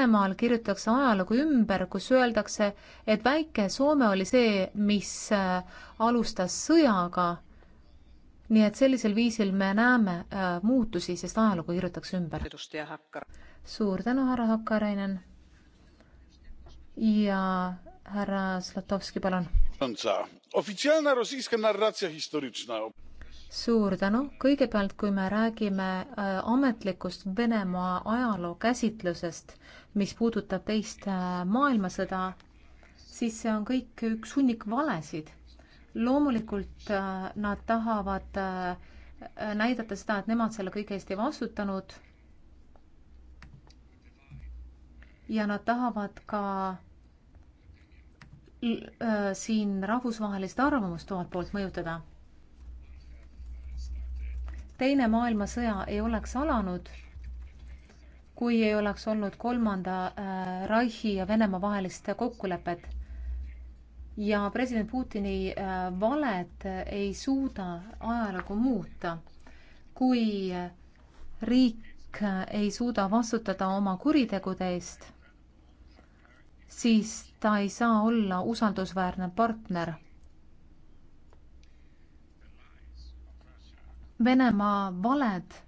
Venemaal kirjutatakse ajalugu ümber, kus öeldakse, et väike Soome oli see, mis äh, alustas sõjaga. nii et sellisel viisil me näeme äh, muutusi, sest ajalugu kirjutatakse ümber. suur tänu, härra Hakkarainen. ja härra Zlatovski, palun. suur tänu, kõigepealt, kui me räägime äh, ametlikust Venemaa ajaloo käsitlusest mis puudutab teist äh, maailmasõda, siis see on kõik üks hunnik valesid. loomulikult äh, nad tahavad äh, näidata seda, et nemad selle kõige eest ei vastutanud. ja nad tahavad ka siin rahvusvahelist arvamust omalt poolt mõjutada. teine maailmasõja ei oleks alanud kui ei oleks olnud kolmanda äh, Reichi ja Venemaa vahelist kokkulepet. ja president Putini äh, valed ei suuda ajalugu muuta, kui riik ei suuda vastutada oma kuritegude eest, siis ta ei saa olla usaldusväärne partner. Venemaa valed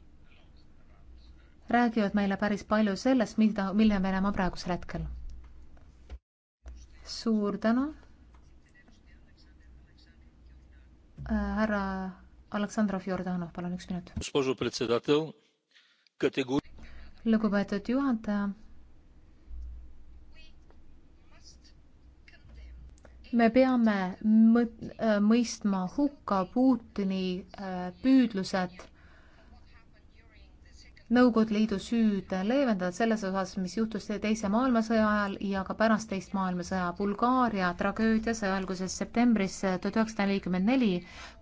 räägivad meile päris palju sellest, mida, mille me elame praegusel hetkel. suur tänu äh,. härra Aleksandrov Jordanov, palun üks minut. lugupeetud juhataja. me peame äh, mõistma hukka Putini äh, püüdlused Nõukogude Liidu süüd leevendada selles osas, mis juhtus Teise maailmasõja ajal ja ka pärast Teist maailmasõja Bulgaaria tragöödia sai alguses septembris tuhat üheksasada nelikümmend neli,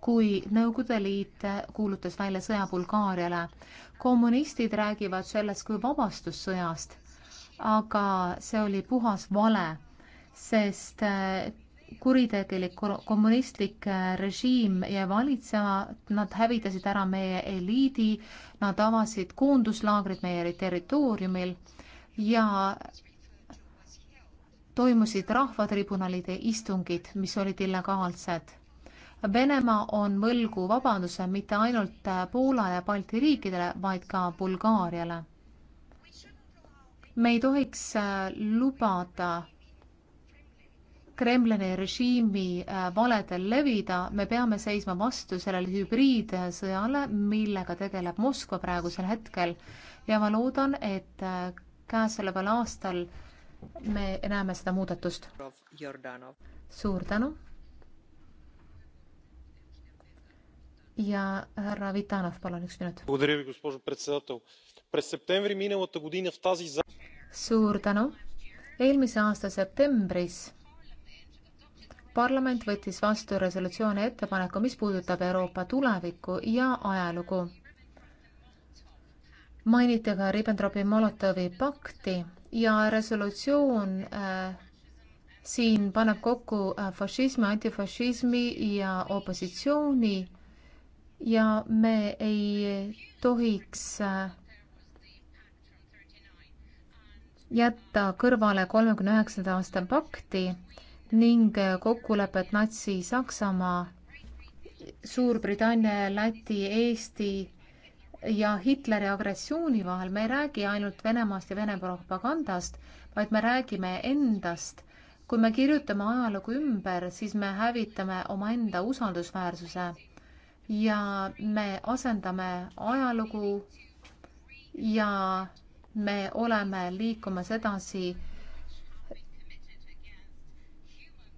kui Nõukogude Liit kuulutas välja sõja Bulgaariale. kommunistid räägivad sellest kui vabastussõjast, aga see oli puhas vale, sest kuritegelik kommunistlik äh, režiim jäi valitsema, nad hävitasid ära meie eliidi, nad avasid koonduslaagrid meie territooriumil ja toimusid rahvatribunalide istungid, mis olid illegaalsed. Venemaa on võlgu vabanduse mitte ainult äh, Poola ja Balti riikidele, vaid ka Bulgaariale. me ei tohiks äh, lubada Kremlini režiimi äh, valedel levida, me peame seisma vastu sellele hübriidsõjale, millega tegeleb Moskva praegusel hetkel ja ma loodan, et äh, käesoleval aastal me näeme seda muudatust. suur tänu. ja härra Vitanov, palun üks minut. suur tänu. eelmise aasta septembris parlament võttis vastu resolutsiooni ettepaneku, mis puudutab Euroopa tulevikku ja ajalugu. mainiti ka Ribbentropi-Molotovi pakti ja resolutsioon äh, siin paneb kokku äh, fašismi, antifašismi ja opositsiooni ja me ei tohiks äh, jätta kõrvale kolmekümne üheksanda aasta pakti ning kokkulepet Natsi-Saksamaa, Suurbritannia, Läti, Eesti ja Hitleri agressiooni vahel. me ei räägi ainult Venemaast ja Vene propagandast, vaid me räägime endast. kui me kirjutame ajalugu ümber, siis me hävitame omaenda usaldusväärsuse ja me asendame ajalugu ja me oleme liikumas edasi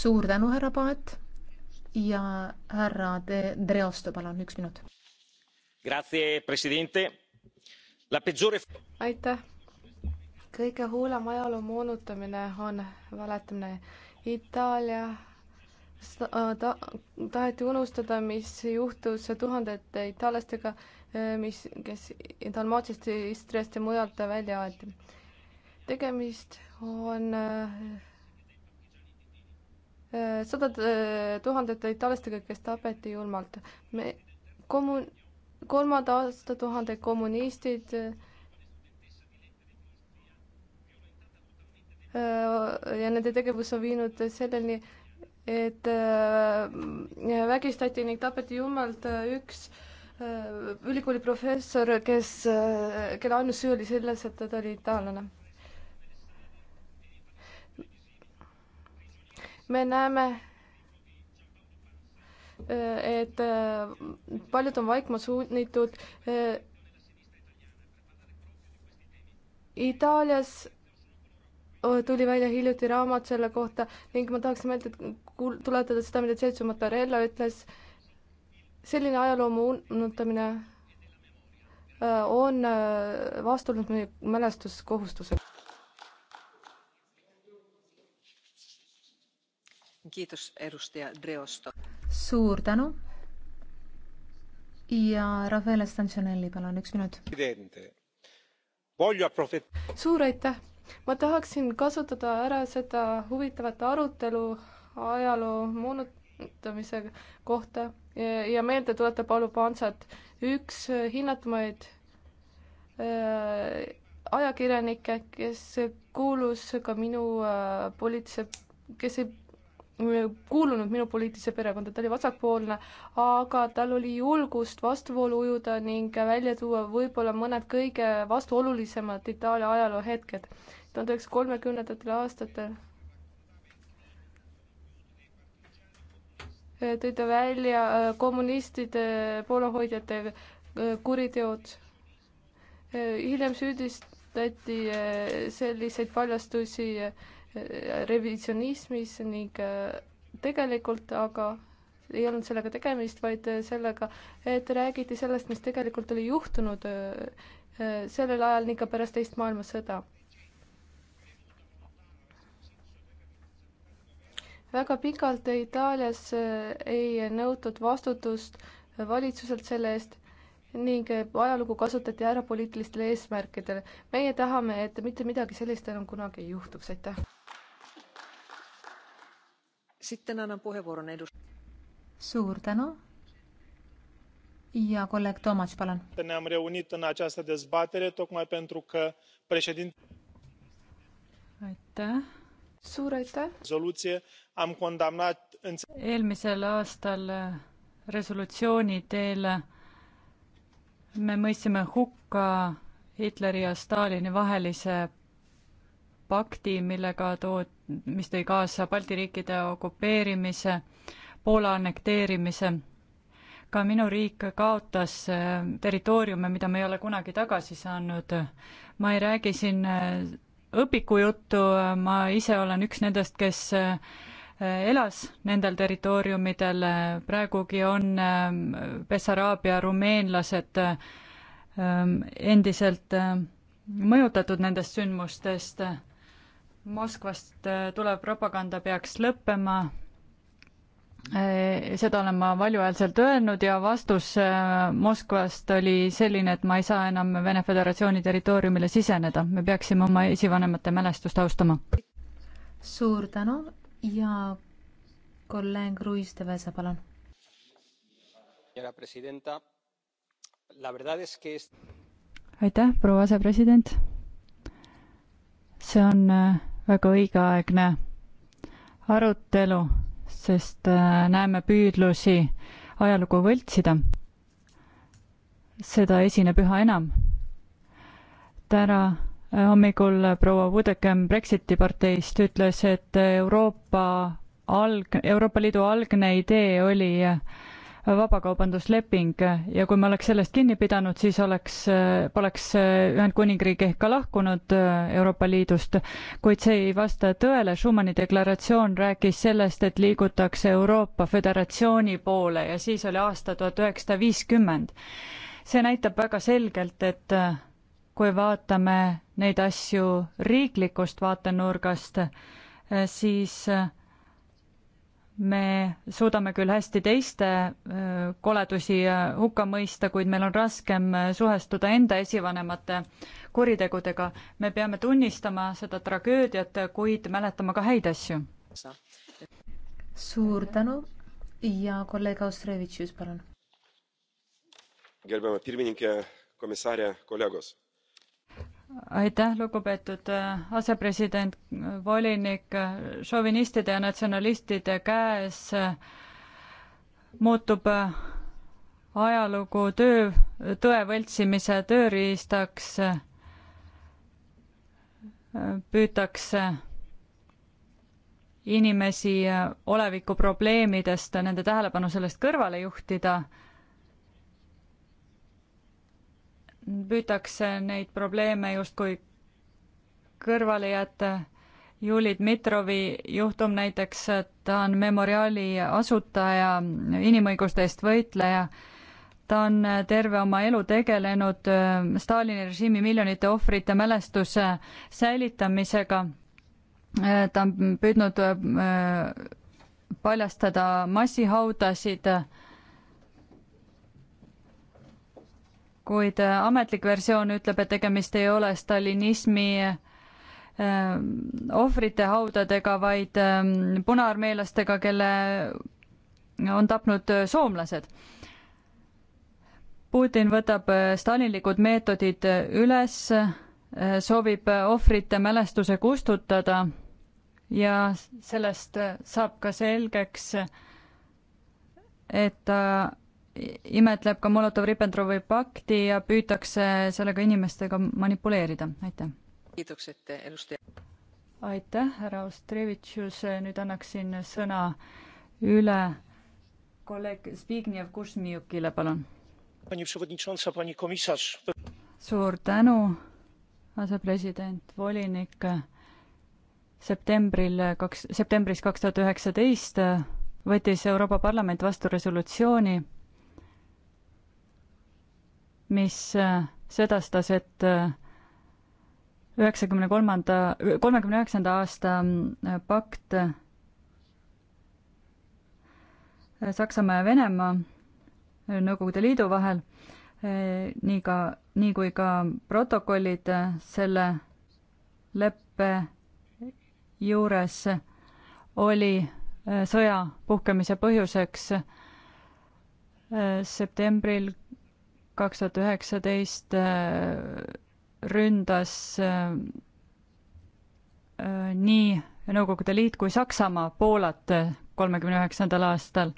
suur tänu, härra Paet ja härra De Dreosto, palun üks minut. Peggiore... aitäh. kõige hullem ajaloo moonutamine on valetamine. Itaalia äh, ta-, taheti unustada, mis juhtus tuhandete itaallastega, äh, mis, kes Dalmaatiast, Istriast ja mujalt välja aeti. tegemist on äh, sadade eh, tuhandete itaallastega, kes tapeti julmalt. me kommun-, kolmanda aastatuhande kommunistid eh, ja nende tegevus on viinud selleni, et eh, vägistati ning tapeti julmalt üks ülikooli professor, kes, kelle ainus süü oli selles, et ta oli itaallane me näeme, äh, et äh, paljud on vaikma sunnitud. Äh, Itaalias tuli välja hiljuti raamat selle kohta ning ma tahaksin meelde tuletada seda, mida Celso Mattarella ütles. selline ajaloo muunutamine on vastuolus meie mälestuskohustusega. suur tänu. ja Rafael Stansionelli, palun, üks minut. suur aitäh. ma tahaksin kasutada ära seda huvitavat arutelu ajaloo moonutamise kohta ja, ja meelde tuletada Paulu Pansat, üks hinnatumaid äh, ajakirjanikke, kes kuulus ka minu äh, poliitilise, kes ei kuulunud minu poliitilise perekonda, ta oli vasakpoolne, aga tal oli julgust vastuvoolu ujuda ning välja tuua võib-olla mõned kõige vastuolulisemad Itaalia ajaloo hetked. tuhande üheksasaja kolmekümnendatel aastatel tõi ta välja äh, kommunistide poolehoidjate äh, kuriteod. Äh, hiljem süüdistati selliseid paljastusi revisjonismis ning äh, tegelikult aga ei olnud sellega tegemist, vaid äh, sellega, et räägiti sellest, mis tegelikult oli juhtunud äh, sellel ajal ning ka pärast teist maailmasõda. väga pikalt Itaalias ei nõutud vastutust valitsuselt selle eest ning ajalugu kasutati ära poliitilistel eesmärkidel. meie tahame, et mitte midagi sellist enam kunagi ei juhtuks, aitäh! Sitten annan puheenvuoron edus- Suur tänu. Ja kolleeg Toomas, palun. Ne-am reunit în această dezbatere tocmai pentru că președinte... Aitäh. Suur aitäh. Rezoluție am condamnat... Eelmisel aastal resolutsiooni teel me mõistsime hukka Hitleri ja Stalini vahelise pakti, millega tood-, mis tõi kaasa Balti riikide okupeerimise, Poola annekteerimise. ka minu riik kaotas äh, territooriume, mida me ei ole kunagi tagasi saanud. ma ei räägi siin äh, õpikujuttu, äh, ma ise olen üks nendest, kes elas nendel territooriumidel, praegugi on Bessaraabia rumeenlased endiselt mõjutatud nendest sündmustest Moskvast äh, tulev propaganda peaks lõppema. Äh, seda olen ma valjuhäälselt öelnud ja vastus äh, Moskvast oli selline, et ma ei saa enam Vene Föderatsiooni territooriumile siseneda, me peaksime oma esivanemate mälestust austama. suur tänu ja kolleeg Ruiz de Vesa, palun. aitäh, proua asepresident. see on väga õigeaegne arutelu, sest äh, näeme püüdlusi ajalugu võltsida. seda esineb üha enam. täna äh, hommikul proua Wudekem Brexiti parteist ütles, et Euroopa alg-, Euroopa Liidu algne idee oli äh, vabakaubandusleping ja kui me oleks sellest kinni pidanud, siis oleks, poleks Ühendkuningriik ehk ka lahkunud Euroopa Liidust, kuid see ei vasta tõele, Schumani deklaratsioon rääkis sellest, et liigutakse Euroopa Föderatsiooni poole ja siis oli aasta tuhat üheksasada viiskümmend. see näitab väga selgelt, et kui vaatame neid asju riiklikust vaatenurgast, siis äh, me suudame küll hästi teiste koledusi hukka mõista, kuid meil on raskem suhestuda enda esivanemate kuritegudega. me peame tunnistama seda tragöödiat, kuid mäletama ka häid asju. suur tänu ja kolleeg Austrevitšius, palun aitäh, lugupeetud äh, asepresident, äh, volinik, äh, šovinistide ja natsionalistide käes muutub ajalugu töö, tõe võltsimise tööriistaks, püütakse inimesi olevikuprobleemidest, nende tähelepanu sellest kõrvale juhtida püütakse neid probleeme justkui kõrvale jätta. Juli Dmitrovi juhtum näiteks, ta on Memoriali asutaja, inimõiguste eest võitleja, ta on terve oma elu tegelenud äh, Stalini režiimi miljonite ohvrite mälestuse säilitamisega, äh, ta on püüdnud äh, paljastada massihaudasid kuid äh, ametlik versioon ütleb, et tegemist ei ole stalinismi äh, ohvrite haudadega, vaid ähm, punaarmeelastega, kelle on tapnud äh, soomlased. Putin võtab stalinlikud meetodid üles, soovib ohvrite mälestuse kustutada ja sellest saab ka selgeks, et ta imetleb ka Molotovi-Ribbentropi pakti ja püütakse sellega inimestega manipuleerida, aitäh. aitäh, härra Ostrevitšus, nüüd annaksin sõna üle kolleeg Zbigniew Kuzmiukile, palun. suur tänu, asepresident, volinik. septembril kaks, septembris kaks tuhat üheksateist võttis Euroopa Parlament vastu resolutsiooni mis äh, sedastas, et äh, üheksakümne kolmanda, kolmekümne üheksanda aasta äh, pakt Saksamaa ja Venemaa, Nõukogude Liidu vahel, nii ka, nii kui ka protokollid selle leppe juures oli sõja puhkemise põhjuseks septembril kaks tuhat üheksateist äh, ründas äh, äh, nii Nõukogude Liit kui Saksamaa Poolat kolmekümne üheksandal aastal.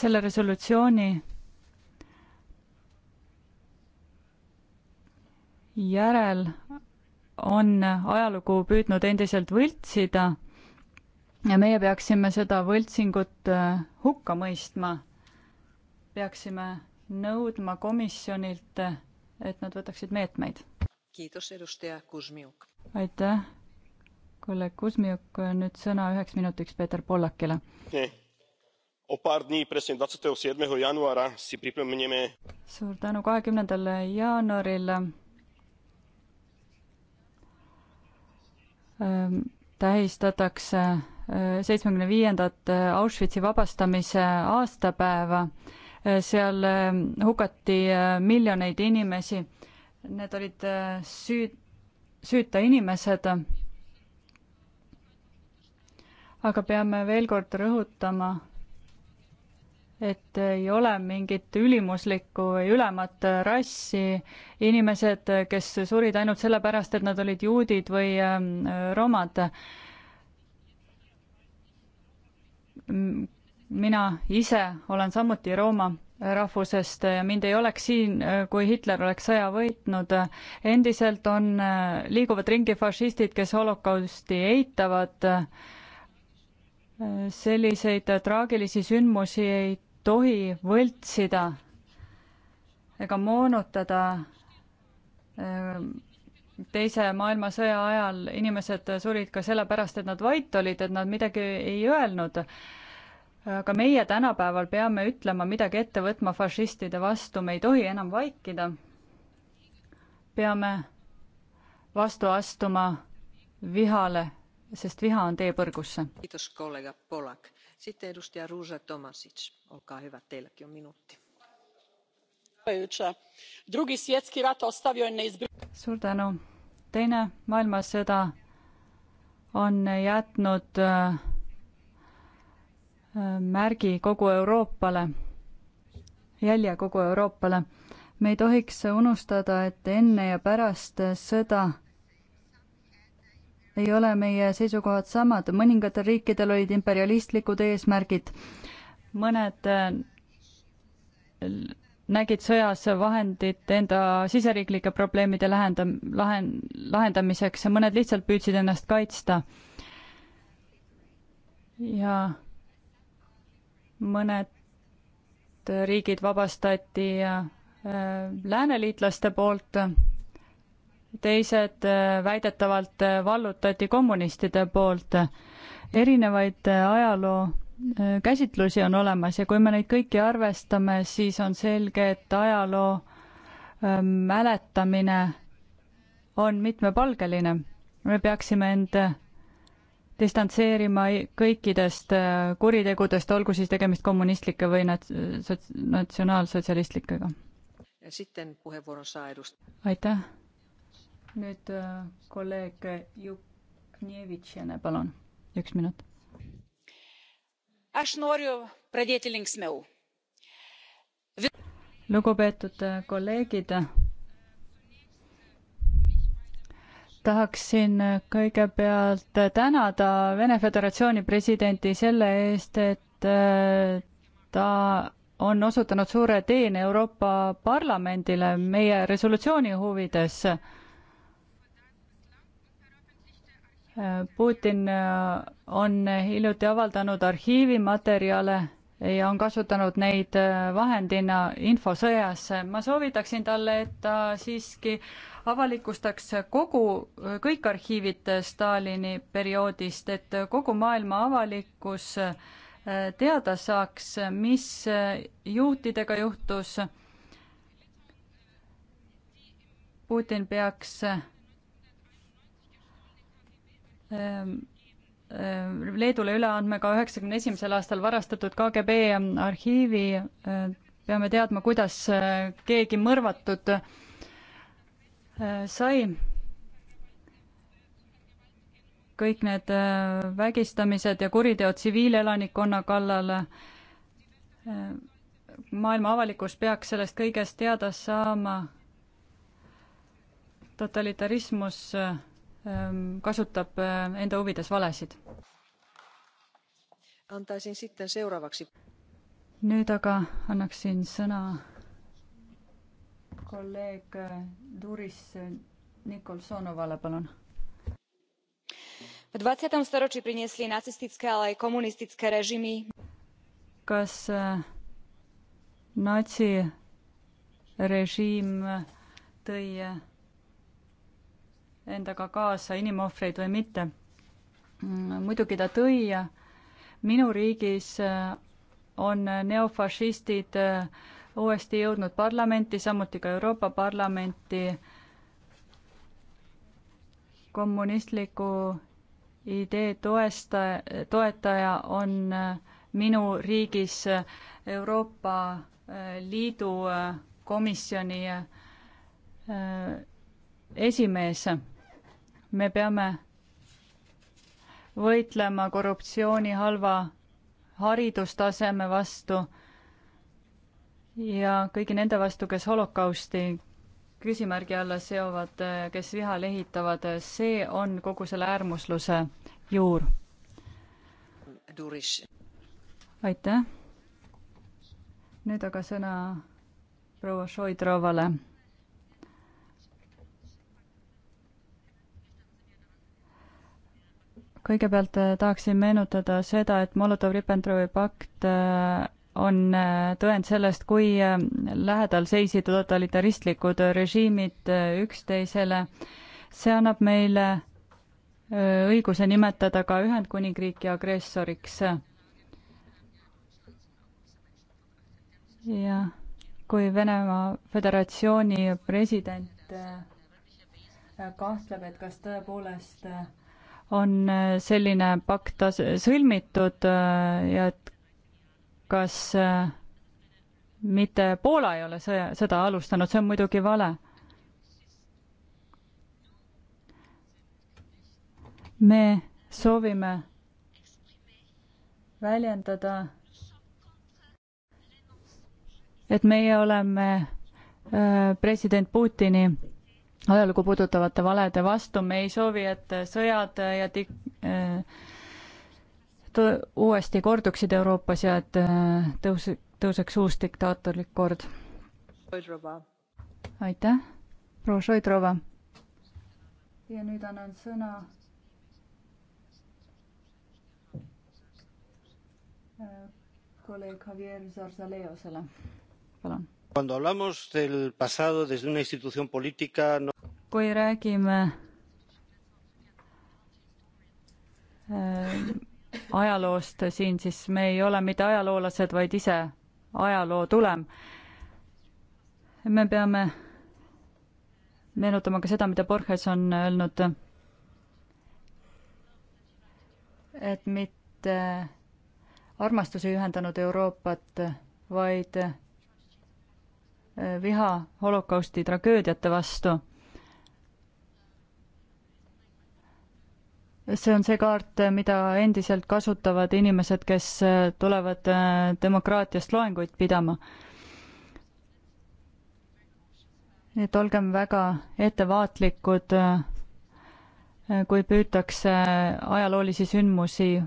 selle resolutsiooni järel on ajalugu püüdnud endiselt võltsida ja meie peaksime seda võltsingut hukka mõistma peaksime nõudma komisjonilt, et nad võtaksid meetmeid. aitäh, kolleeg Kuzmiuk, nüüd sõna üheks minutiks Peeter Pollakile. O pár dní, presne 27. januára, si pripomenieme... Suur tänu, 20. jaanuaril ehm, tähistatakse ehm, seitsmekümne viiendat Auschwitzi vabastamise aastapäeva Äh, seal äh, hukati äh, miljoneid inimesi. Need olid süü-, süüta inimesed. aga peame veel kord rõhutama, et ei ole mingit ülimuslikku või ülemat rassi. inimesed, kes surid ainult sellepärast, et nad olid juudid või ähm, romad mina ise olen samuti Rooma rahvusest ja mind ei oleks siin, kui Hitler oleks sõja võitnud. endiselt on, liiguvad ringi fašistid, kes holokausti eitavad. selliseid traagilisi sündmusi ei tohi võltsida ega moonutada. teise maailmasõja ajal inimesed surid ka sellepärast, et nad vait olid, et nad midagi ei öelnud aga meie tänapäeval peame ütlema midagi ette võtma fašistide vastu, me ei tohi enam vaikida. peame vastu astuma vihale, sest viha on tee põrgusse. kiitos, kolleeg Polak. siit edustaja Ruža Tomasic, olkaa hyvä, teilläkin on minuutti. suur tänu. teine maailmasõda on jätnud äh, märgi kogu Euroopale, jälje kogu Euroopale. me ei tohiks unustada, et enne ja pärast sõda ei ole meie seisukohad samad, mõningatel riikidel olid imperialistlikud eesmärgid, mõned äh, nägid sõjas vahendit enda siseriiklike probleemide lähenda-, lahen-, lahendamiseks ja mõned lihtsalt püüdsid ennast kaitsta. ja mõned riigid vabastati äh, lääneliitlaste poolt, teised äh, väidetavalt äh, vallutati kommunistide poolt. erinevaid ajaloo käsitlusi on olemas ja kui me neid kõiki arvestame, siis on selge, et ajaloo mäletamine on mitmepalgeline. me peaksime end distantseerima kõikidest äh, kuritegudest, olgu siis tegemist kommunistlike või nats-, sots-, natsionaalsotsialistlikega. aitäh. nüüd äh, kolleeg Juknevitšene, palun, üks minut. lugupeetud äh, kolleegid tahaksin kõigepealt tänada Vene Föderatsiooni presidenti selle eest, et äh, ta on osutanud suure teene Euroopa Parlamendile meie resolutsiooni huvides. Putin äh, on hiljuti avaldanud arhiivimaterjale ja on kasutanud neid äh, vahendina infosõjas. ma soovitaksin talle, et ta siiski avalikustaks kogu, äh, kõik arhiivid Stalini perioodist, et kogu maailma avalikkus äh, teada saaks, mis juutidega juhtus. Putin peaks Äh, Leedule üle andma ka üheksakümne esimesel aastal varastatud KGB arhiivi, äh, peame teadma, kuidas äh, keegi mõrvatud sai. kõik need vägistamised ja kuriteod tsiviilelanikkonna kallale, maailma avalikkus peaks sellest kõigest teada saama, totalitarismus äh, Ähm, kasutab ähm, enda huvides valesid. nüüd aga annaksin sõna kolleeg Duris Nikolsonovale, palun. V 20. storočí priniesli nacistické, ale aj komunistické režimy. Kas e, natsirežiim tõi e, endaga kaasa inimohvreid või mitte. Mm, muidugi ta tõi, minu riigis äh, on neofašistid äh, uuesti jõudnud parlamenti, samuti ka Euroopa Parlamenti kommunistliku idee toesta-, toetaja on äh, minu riigis Euroopa Liidu komisjoni esimees me peame võitlema korruptsiooni halva haridustaseme vastu ja kõigi nende vastu, kes holokausti küsimärgi alla seovad, kes viha lehitavad, see on kogu selle äärmusluse juur. aitäh. nüüd aga sõna proua Šoidrovale kõigepealt äh, tahaksin meenutada seda, et Molotov-Ribbentropi pakt äh, on äh, tõend sellest, kui lähedal seisid totalitaristlikud režiimid üksteisele. see annab meile õiguse nimetada ka Ühendkuningriiki agressoriks. jah, kui Venemaa Föderatsiooni president kahtleb, et kas tõepoolest on äh, selline pakt sõlmitud äh, ja et kas äh, mitte Poola ei ole sõja, sõda alustanud, see on muidugi vale. me soovime väljendada, et meie oleme president Putini ajalugu puudutavate valede vastu, me ei soovi, et sõjad ja äh, tik-, uuesti korduksid Euroopas ja et äh, tõus-, tõuseks uus diktaatorlik kord. aitäh, proua Šoidrova. ja nüüd annan sõna kolleeg Javier Zarzaleosele, palun kui räägime ähm, ajaloost siin, siis me ei ole mitte ajaloolased, vaid ise ajaloo tulem. me peame meenutama ka seda, mida Borges on öelnud, et mitte armastus ei ühendanud Euroopat, vaid viha holokausti tragöödiate vastu. see on see kaart, mida endiselt kasutavad inimesed, kes tulevad äh, demokraatiast loenguid pidama nii et olgem väga ettevaatlikud, äh, kui püütakse ajaloolisi sündmusi äh,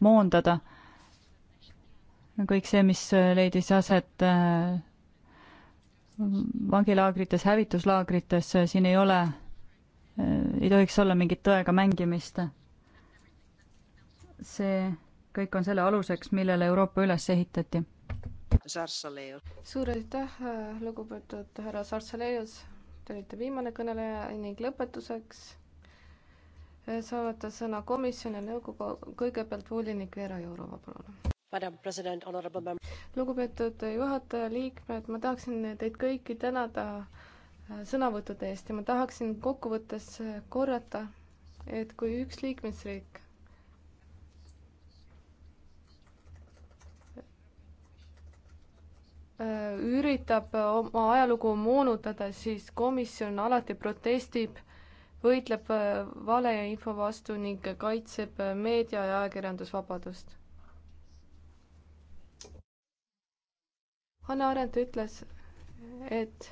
moondada kõik see, mis äh, leidis aset äh, vangilaagrites, hävituslaagrites, äh, siin ei ole, ei tohiks olla mingit tõega mängimist. see kõik on selle aluseks, millele Euroopa üles ehitati. suur aitäh, lugupeetud härra Sarsaleius, te olite viimane kõneleja ning lõpetuseks saavad sõna komisjon ja nõukogu, kõigepealt volinik Vera Jourova, palun lugupeetud juhataja, liikmed, ma tahaksin teid kõiki tänada äh, sõnavõttude eest ja ma tahaksin kokkuvõttes äh, korrata, et kui üks liikmesriik äh, üritab oma ajalugu moonutada, siis komisjon alati protestib, võitleb valeinfo vastu ning kaitseb meedia ja ajakirjandusvabadust Hanna Arendt ütles, et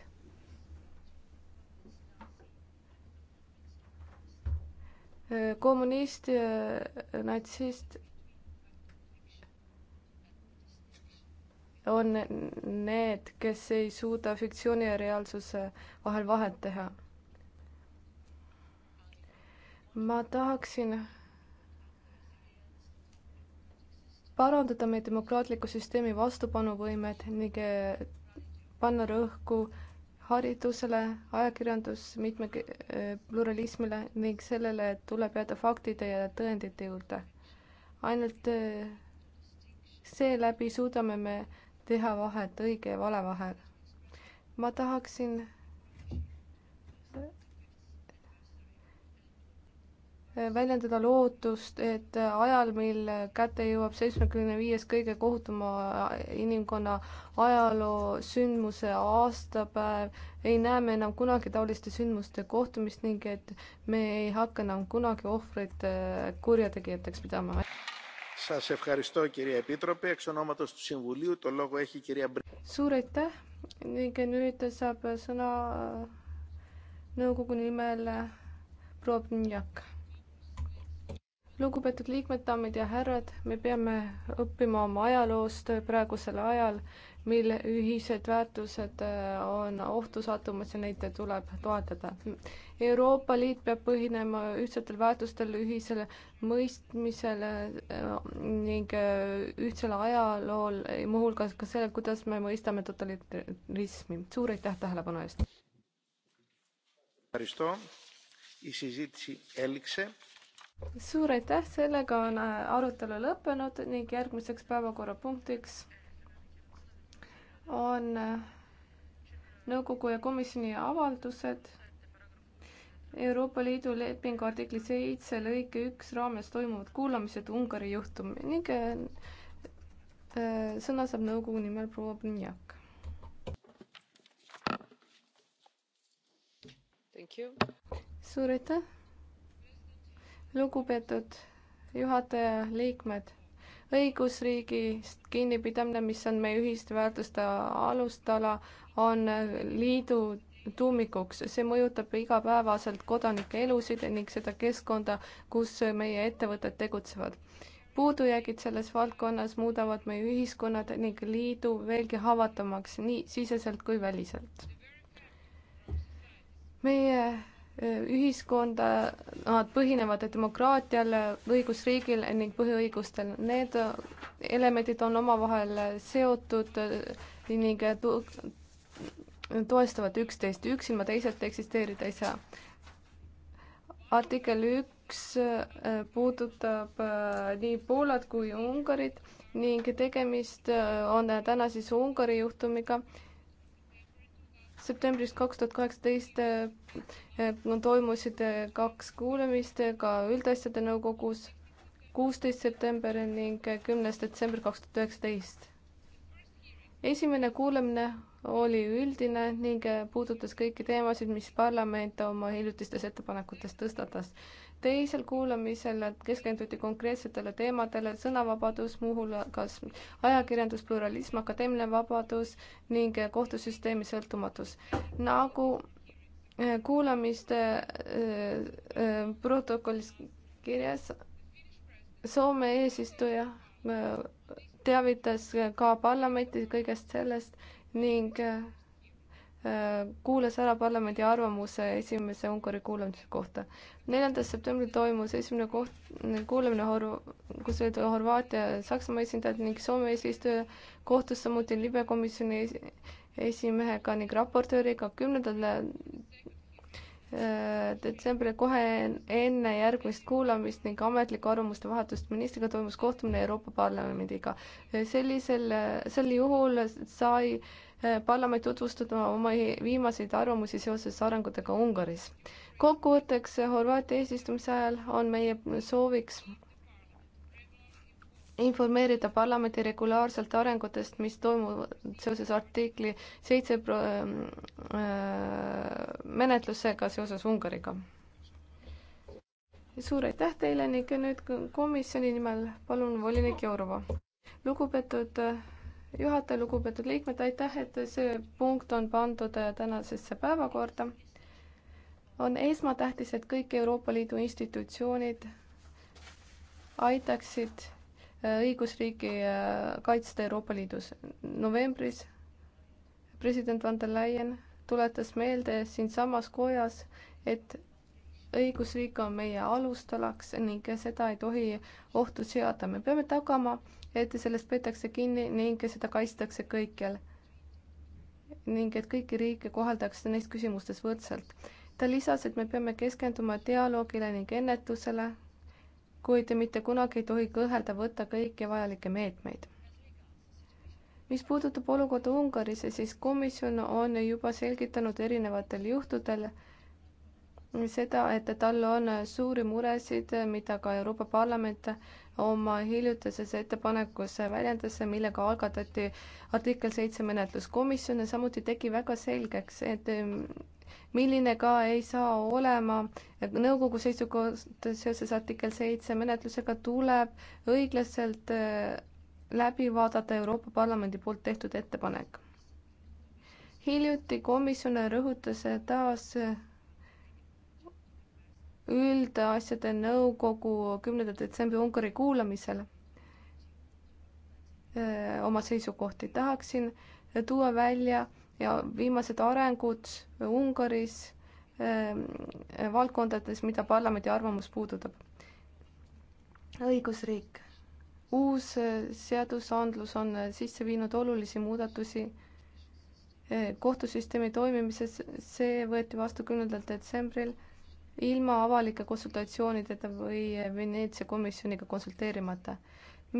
kommunist, natsist on need, kes ei suuda fiktsiooni ja reaalsuse vahel vahet teha. ma tahaksin parandada meie demokraatliku süsteemi vastupanuvõimet ning eh, panna rõhku haridusele, ajakirjandus, mitme eh, pluralismile ning sellele, et tuleb jääda faktide ja tõendite juurde. ainult eh, seeläbi suudame me teha vahet õige ja vale vahel. ma tahaksin Äh, väljendada lootust, et ajal, mil kätte jõuab seitsmekümne viies kõige kohutuma äh, inimkonna ajaloo sündmuse aastapäev, ei näe me enam kunagi taoliste sündmuste kohtumist ning et me ei hakka enam kunagi ohvreid äh, kurjategijateks pidama. suur aitäh ning nüüd saab sõna nõukogu nimel proua Pinjak lugupeetud liikmed, daamid ja härrad, me peame õppima oma ajaloost praegusel ajal, mil ühised väärtused äh, on ohtu sattumas ja neid tuleb toetada. Euroopa Liit peab põhinema ühtsetel väärtustel, ühisele mõistmisele äh, ning äh, ühtsel ajalool, muuhulgas ka sellel, kuidas me mõistame totalitarismi. suur aitäh tähelepanu eest! suur aitäh, sellega on äh, arutelu lõppenud ning järgmiseks päevakorrapunktiks on äh, nõukogu ja komisjoni avaldused Euroopa Liidu lepingu artikli seitse lõike üks raames toimuvad kuulamised Ungari juhtum ning äh, sõna saab nõukogu nimel proua Brünjak. suur aitäh lugupeetud juhataja, liikmed, õigusriigist kinnipidamine, mis on meie ühiste väärtuste alustala, on liidu tuumikuks, see mõjutab igapäevaselt kodanike elusid ning seda keskkonda, kus meie ettevõtted tegutsevad. puudujäägid selles valdkonnas muudavad meie ühiskonnad ning liidu veelgi haavatavamaks nii siseselt kui väliselt. meie ühiskonda, nad põhinevad demokraatial, õigusriigil ning põhiõigustel. Need elemendid on omavahel seotud ning toestavad üksteist, üks ilma teiseta eksisteerida ei saa. artikkel üks äh, puudutab äh, nii Poolat kui Ungarit ning tegemist äh, on täna siis Ungari juhtumiga septembrist kaks tuhat kaheksateist eh, eh, toimusid eh, kaks kuulamist ka üldasjade nõukogus, kuusteist september ning kümnes detsember kaks tuhat üheksateist. esimene kuulamine oli üldine ning puudutas kõiki teemasid, mis parlament oma hiljutistes ettepanekutes tõstatas teisel kuulamisel keskenduti konkreetsetele teemadele sõnavabadus, muuhulgas ajakirjandus, pluralism, akadeemiline vabadus ning kohtusüsteemi sõltumatus. nagu eh, kuulamiste eh, eh, protokollis kirjas, Soome eesistuja teavitas ka parlamenti kõigest sellest ning kuulas ära parlamendi arvamuse esimese Ungari kuulamise kohta. neljandal septembril toimus esimene koht, kuulamine Horv-, kus olid Horvaatia ja Saksamaa esindajad ning Soome eesistuja kohtus samuti libekomisjoni es-, esimehega ning raportööriga kümnendal äh, detsembril kohe enne järgmist kuulamist ning ametlikku arvamuste vahetust ministriga toimus kohtumine Euroopa Parlamendiga. sellisel, sel juhul sai äh, Eh, parlament tutvustama oma viimaseid arvamusi seoses arengutega Ungaris. kokkuvõtteks eh, Horvaatia eesistumise ajal on meie sooviks informeerida parlamenti regulaarselt arengutest, mis toimuvad seoses artikli seitse eh, menetlusega seoses Ungariga. suur aitäh teile ning nüüd komisjoni nimel palun volinik Jourova. lugupeetud juhataja, lugupeetud liikmed, aitäh, et see punkt on pandud äh, tänasesse päevakorda. on esmatähtis, et kõik Euroopa Liidu institutsioonid aitaksid äh, õigusriigi äh, kaitsta Euroopa Liidus. novembris president van der Leyen tuletas meelde siinsamas kojas, et õigusriik on meie alustalaks ning seda ei tohi ohtu seada. me peame tagama et sellest peetakse kinni ning seda kaitstakse kõikjal ning et kõiki riike kohaldatakse neis küsimustes võrdselt. ta lisas, et me peame keskenduma dialoogile ning ennetusele, kuid mitte kunagi ei tohi kõhelda võtta kõiki vajalikke meetmeid. mis puudutab olukorda Ungaris, siis komisjon on juba selgitanud erinevatel juhtudel, seda, et tal on suuri muresid, mida ka Euroopa Parlament oma hiljutises ettepanekus väljendas, millega algatati artikkel seitse menetluskomisjon ja samuti tegi väga selgeks, et mm, milline ka ei saa olema nõukogu seisukoht seoses artikkel seitse menetlusega, tuleb õiglaselt äh, läbi vaadata Euroopa Parlamendi poolt tehtud ettepanek. hiljuti komisjon rõhutas taas üldasjade nõukogu kümnenda detsembri Ungari kuulamisel oma seisukohti. tahaksin tuua välja ja viimased arengud Ungaris äh, valdkondades, mida parlamendi arvamus puudutab. õigusriik. uus seadusandlus on sisse viinud olulisi muudatusi kohtusüsteemi toimimises, see võeti vastu kümnendal detsembril ilma avalike konsultatsioonideta või Veneetsia komisjoniga konsulteerimata.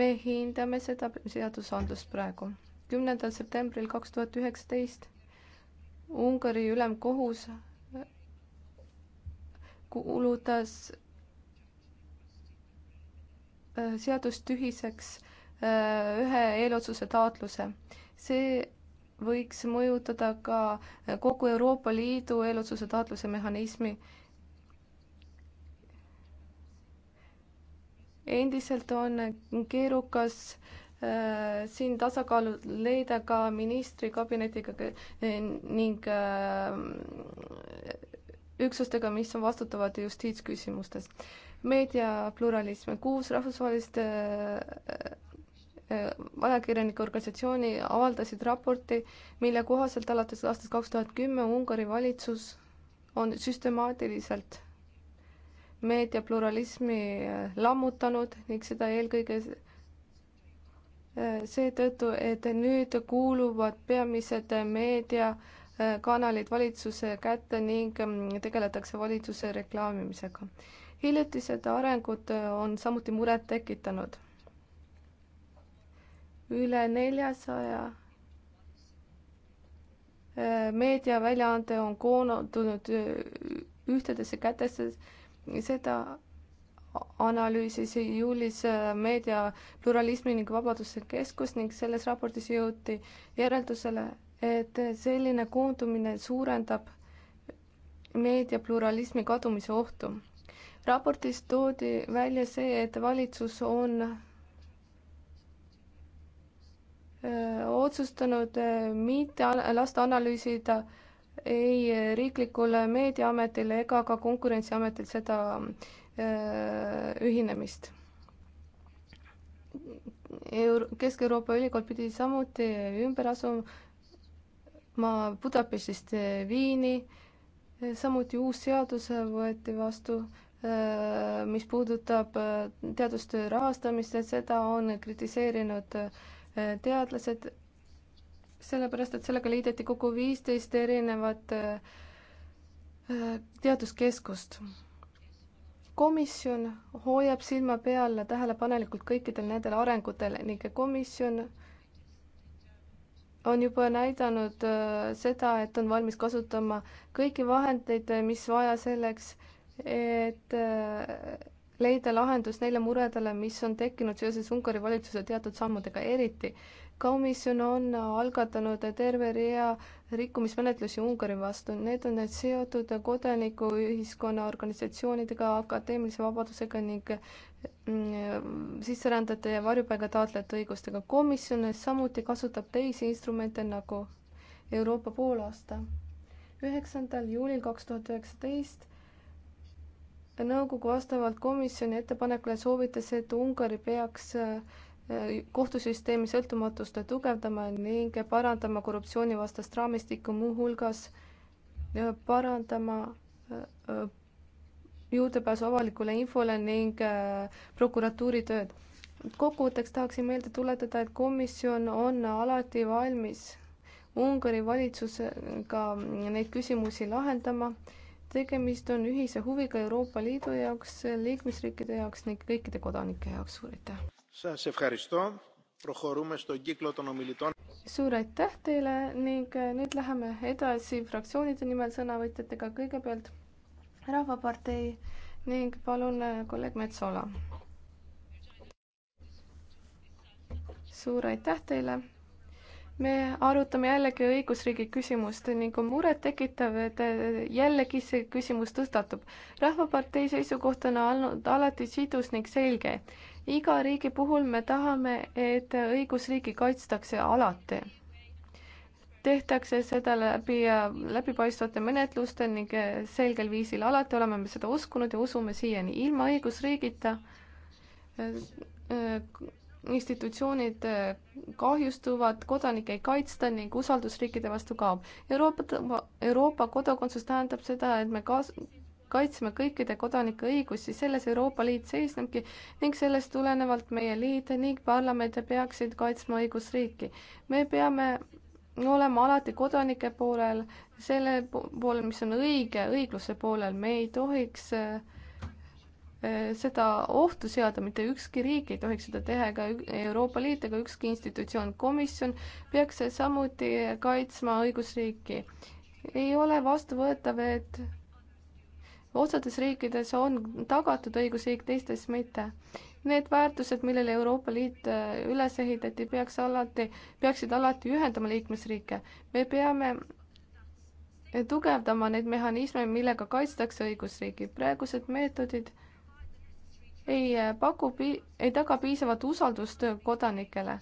me hindame seda seadusandlust praegu. kümnendal septembril kaks tuhat üheksateist Ungari ülemkohus kuulutas äh, seadust tühiseks äh, ühe eelotsuse taotluse. see võiks mõjutada ka äh, kogu Euroopa Liidu eelotsuse taotluse mehhanismi endiselt on keerukas äh, siin tasakaalu leida ka ministri kabinetiga äh, ning äh, üksustega, mis on vastutavad justiitsküsimustes. meedia pluralism, kuus rahvusvahelist äh, äh ajakirjanike organisatsiooni avaldasid raporti, mille kohaselt alates aastast kaks tuhat kümme Ungari valitsus on süstemaatiliselt meediapluralismi äh, lammutanud ning seda eelkõige äh, seetõttu, et nüüd kuuluvad peamised meediakanalid äh, valitsuse kätte ning mm, tegeletakse valitsuse reklaamimisega. hiljutised arengud on samuti muret tekitanud. üle neljasaja meediaväljaande on koondunud ühtedesse kätesse seda analüüsis juulis äh, meedia pluralismi ning vabaduse keskus ning selles raportis jõuti järeldusele, et selline koondumine suurendab meedia pluralismi kadumise ohtu. raportis toodi välja see, et valitsus on öö, äh, otsustanud äh, mitte lasta analüüsida öö, ei riiklikul meediaametil ega ka Konkurentsiametil seda äh, ühinemist. Euro-, Kesk-Euroopa Ülikool pidi samuti ümber asuma Budapestist Viini, samuti uus seadus võeti vastu, äh, mis puudutab äh, teadustöö rahastamist ja seda on kritiseerinud teadlased sellepärast, et sellega liideti kokku viisteist erinevat äh, teaduskeskust. komisjon hoiab silma peal tähelepanelikult kõikidel nendel arengutel ning komisjon on juba näidanud äh, seda, et on valmis kasutama kõiki vahendeid, mis vaja selleks, et äh, leida lahendus neile muredele, mis on tekkinud seoses Ungari valitsuse teatud sammudega, eriti komisjon on algatanud terve rea rikkumismenetlusi Ungari vastu, need on need seotud kodanikuühiskonna organisatsioonidega, akadeemilise vabadusega ning mm, sisserändajate ja varjupaiga taotlejate õigustega. komisjon samuti kasutab teisi instrumente nagu Euroopa poolaasta. üheksandal juulil kaks tuhat üheksateist nõukogu vastavalt komisjoni ettepanekule soovitas, et Ungari peaks äh, kohtusüsteemi sõltumatust tugevdama ning parandama korruptsioonivastast raamistikku, muuhulgas äh, parandama äh, juurdepääsu avalikule infole ning prokuratuuri tööd. kokkuvõtteks tahaksin meelde tuletada, et komisjon on alati valmis Ungari valitsusega neid küsimusi lahendama tegemist on ühise huviga Euroopa Liidu jaoks, liikmesriikide jaoks ning kõikide kodanike jaoks, suur aitäh! suur aitäh teile ning äh, nüüd läheme edasi fraktsioonide nimel sõnavõtjatega, kõigepealt Rahvapartei ning palun äh, kolleeg Metsola. suur aitäh teile me arutame jällegi õigusriigi küsimust ning on murettekitav, et jällegi see küsimus tõstatub. rahvapartei seisukoht on olnud alati sidus ning selge. iga riigi puhul me tahame, et õigusriiki kaitstakse alati. tehtakse seda läbi, läbipaistvate menetluste ning selgel viisil, alati oleme me seda uskunud ja usume siiani, ilma õigusriigita äh, äh, institutsioonid eh, kahjustuvad, kodanikke ei kaitsta ning usaldus riikide vastu kaob. Euroopa, Euroopa kodakondsus tähendab seda, et me kaas-, kaitseme kõikide kodanike õigusi, selles Euroopa Liit seisnebki ning sellest tulenevalt meie liit ning parlament peaksid kaitsma õigusriiki. me peame olema alati kodanike poolel, selle poolel, mis on õige, õigluse poolel, me ei tohiks äh, Äh, seda ohtu seada, mitte ükski riik ei tohiks seda teha, ega Euroopa Liit ega ükski institutsioon, komisjon peaks samuti kaitsma õigusriiki. ei ole vastuvõetav, et osades riikides on tagatud õigusriik, teistes mitte. Need väärtused, millele Euroopa Liit äh, üles ehitati, peaks alati, peaksid alati ühendama liikmesriike. me peame tugevdama neid mehhanisme, millega kaitstakse õigusriigi. praegused meetodid äh, ei äh, paku, ei taga piisavat usaldust kodanikele.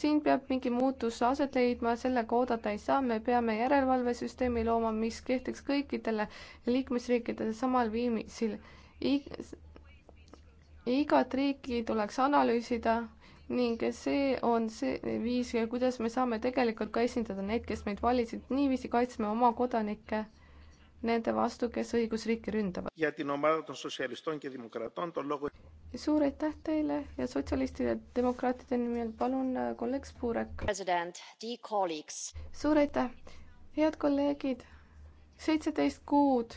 siin peab mingi muutus aset leidma, sellega oodata ei saa, me peame järelevalvesüsteemi looma, mis kehtiks kõikidele liikmesriikidele samal viimisil. igat riiki tuleks analüüsida ning see on see viis, kuidas me saame tegelikult ka esindada neid, kes meid valisid, niiviisi kaitsme oma kodanikke nende vastu, kes õigusriiki ründavad. suur aitäh teile ja sotsialistide ja demokraatide nimel palun äh, kolleeg Spurek. suur aitäh, head kolleegid. seitseteist kuud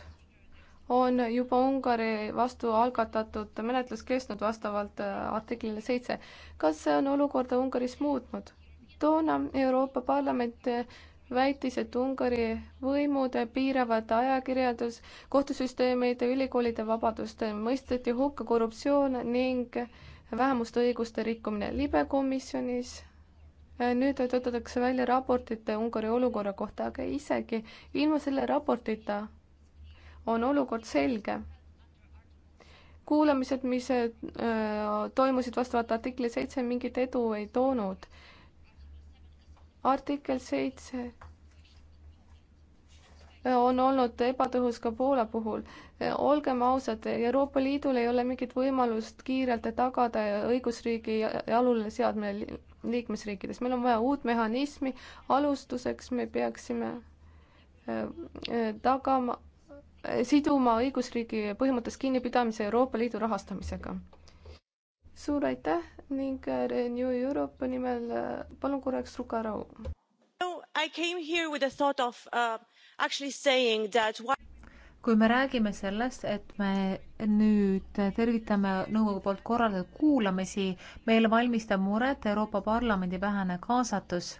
on juba Ungari vastu algatatud menetlus kestnud vastavalt äh, artiklile seitse. kas see on olukorda Ungaris muutnud? toona Euroopa Parlament äh, väitis, et Ungari võimud piiravad ajakirjandus, kohtusüsteemide, ülikoolide vabadust, mõisteti hukka korruptsioon ning vähemuste õiguste rikkumine libekomisjonis. Eh, nüüd töötatakse välja raportit Ungari olukorra kohta, aga isegi ilma selle raportita on olukord selge kuulamised, mis äh, toimusid vastavalt artikli seitse, mingit edu ei toonud artikkel seitse on olnud ebatõhus ka Poola puhul. olgem ausad, Euroopa Liidul ei ole mingit võimalust kiirelt tagada õigusriigi jalule seadmine liikmesriikides, meil on vaja uut mehhanismi, alustuseks me peaksime äh, äh, tagama, siduma õigusriigi põhimõttest kinnipidamise Euroopa Liidu rahastamisega suur aitäh ning Renew äh, Euroopa nimel äh, palun korraks Ruka Rau. Uh, kui me räägime sellest, et me nüüd tervitame nõukogu poolt korraldatud kuulamisi, meile valmistab muret Euroopa Parlamendi vähene kaasatus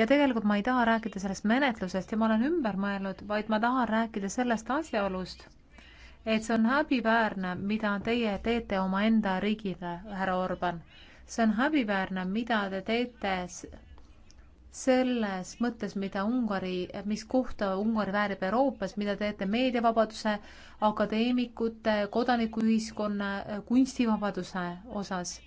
ja tegelikult ma ei taha rääkida sellest menetlusest ja ma olen ümber mõelnud, vaid ma tahan rääkida sellest asjaolust et see on häbiväärne, mida teie teete omaenda riigile, härra Orban. see on häbiväärne, mida te teete selles mõttes, mida Ungari, mis kohta Ungari väärib Euroopas, mida teete meediavabaduse, akadeemikute, kodanikuühiskonna, kunstivabaduse osas.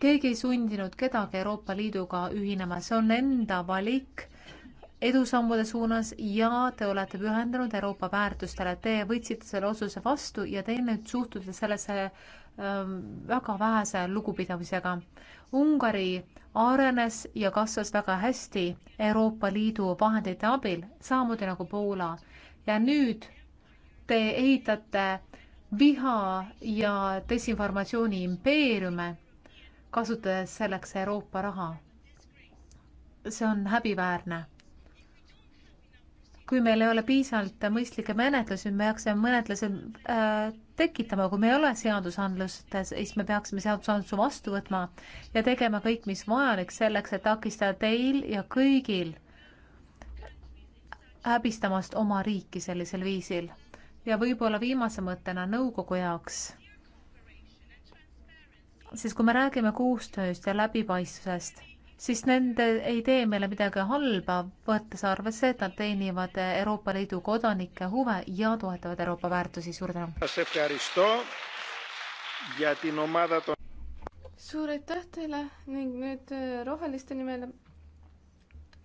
keegi ei sundinud kedagi Euroopa Liiduga ühinema, see on enda valik edusammude suunas ja te olete pühendunud Euroopa väärtustele. Te võtsite selle otsuse vastu ja te nüüd suhtute sellesse ähm, väga vähese lugupidamisega. Ungari arenes ja kasvas väga hästi Euroopa Liidu vahendite abil, samamoodi nagu Poola. ja nüüd te ehitate viha ja desinformatsiooni impeeriume, kasutades selleks Euroopa raha. see on häbiväärne kui meil ei ole piisavalt mõistlikke menetlusi, me peaksime menetlusi äh, tekitama, kui me ei ole seadusandlust, siis me peaksime seadusandluse vastu võtma ja tegema kõik, mis vajalik selleks, et takistada teil ja kõigil häbistamast oma riiki sellisel viisil. ja võib-olla viimase mõttena nõukogu jaoks, siis kui me räägime koostööst ja läbipaistvusest siis nende ei tee meile midagi halba, võttes arvesse, et nad teenivad Euroopa Liidu kodanike huve ja toetavad Euroopa väärtusi. suur tänu! suur aitäh teile ning nüüd äh, roheliste nimel